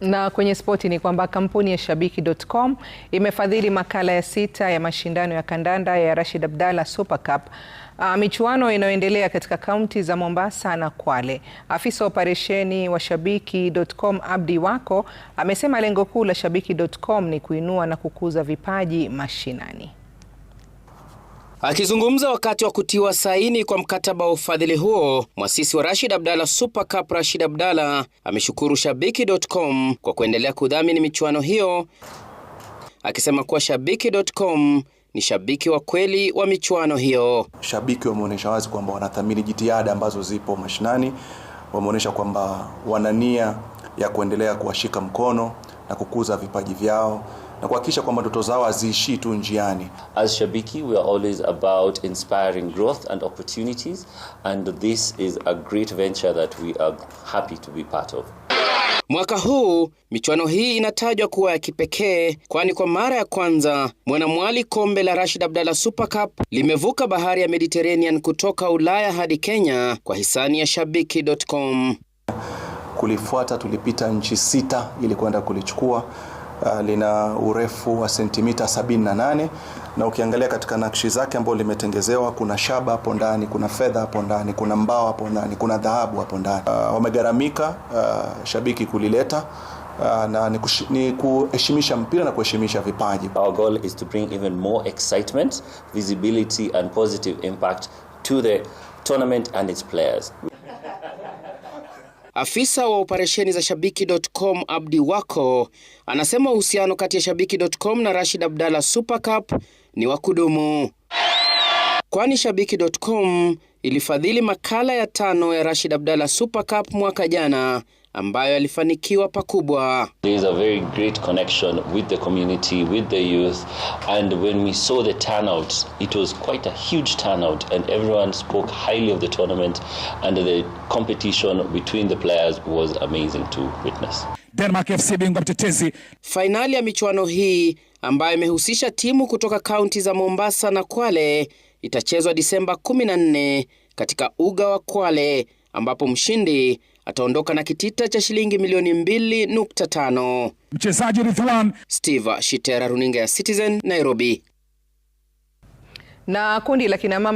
Na kwenye spoti ni kwamba kampuni ya Shabiki.com imefadhili makala ya sita ya mashindano ya kandanda ya Rashid Abdalla Super Cup, ah, michuano inayoendelea katika kaunti za Mombasa na Kwale. Afisa wa operesheni wa Shabiki.com Abdi Wako amesema lengo kuu la Shabiki.com ni kuinua na kukuza vipaji mashinani. Akizungumza wakati wa kutiwa saini kwa mkataba wa ufadhili huo, mwasisi wa Rashid Abdalla Super Cup Rashid Abdalla ameshukuru shabiki.com kwa kuendelea kudhamini michuano hiyo, akisema kuwa shabiki.com ni shabiki wa kweli wa michuano hiyo. Shabiki wameonyesha wazi kwamba wanathamini jitihada ambazo zipo mashinani, wameonyesha kwamba wana nia ya kuendelea kuwashika mkono na kukuza vipaji vyao na kuhakikisha kwamba ndoto zao haziishii tu njiani. As Shabiki we are always about inspiring growth and opportunities and this is a great venture that we are happy to be part of. Mwaka huu michuano hii inatajwa kuwa ya kipekee, kwani kwa mara ya kwanza mwanamwali kombe la Rashid Abdalla Super Cup limevuka bahari ya Mediterranean kutoka Ulaya hadi Kenya kwa hisani ya Shabiki.com. Kulifuata tulipita nchi sita ili kwenda kulichukua uh, lina urefu wa sentimita 78 na ukiangalia katika nakshi zake ambayo limetengezewa, kuna shaba hapo ndani, kuna fedha hapo ndani, kuna mbao hapo ndani, kuna dhahabu hapo ndani. Uh, wamegharamika uh, shabiki kulileta na ni, ni kuheshimisha mpira na kuheshimisha vipaji. Our goal is to bring even more excitement, visibility and positive impact to the tournament and its players. Afisa wa operesheni za Shabiki.com Abdi Wako anasema uhusiano kati ya Shabiki.com na Rashid Abdalla Super Cup ni wa kudumu, kwani Shabiki.com ilifadhili makala ya tano ya Rashid Abdalla Super Cup mwaka jana ambayo alifanikiwa pakubwa. There is a very great connection with the community, with the youth and when we saw the turnout, it was quite a huge turnout and everyone spoke highly of the tournament and the competition between the players was amazing to witness. Denmark FC bingwa mtetezi. Fainali ya michuano hii ambayo imehusisha timu kutoka kaunti za Mombasa na Kwale itachezwa Disemba 14 katika uga wa Kwale ambapo mshindi ataondoka na kitita cha shilingi milioni 2.5. Mchezaji Ridhwan Steve Shitera, runinga ya Citizen, Nairobi. Na kundi la kina mama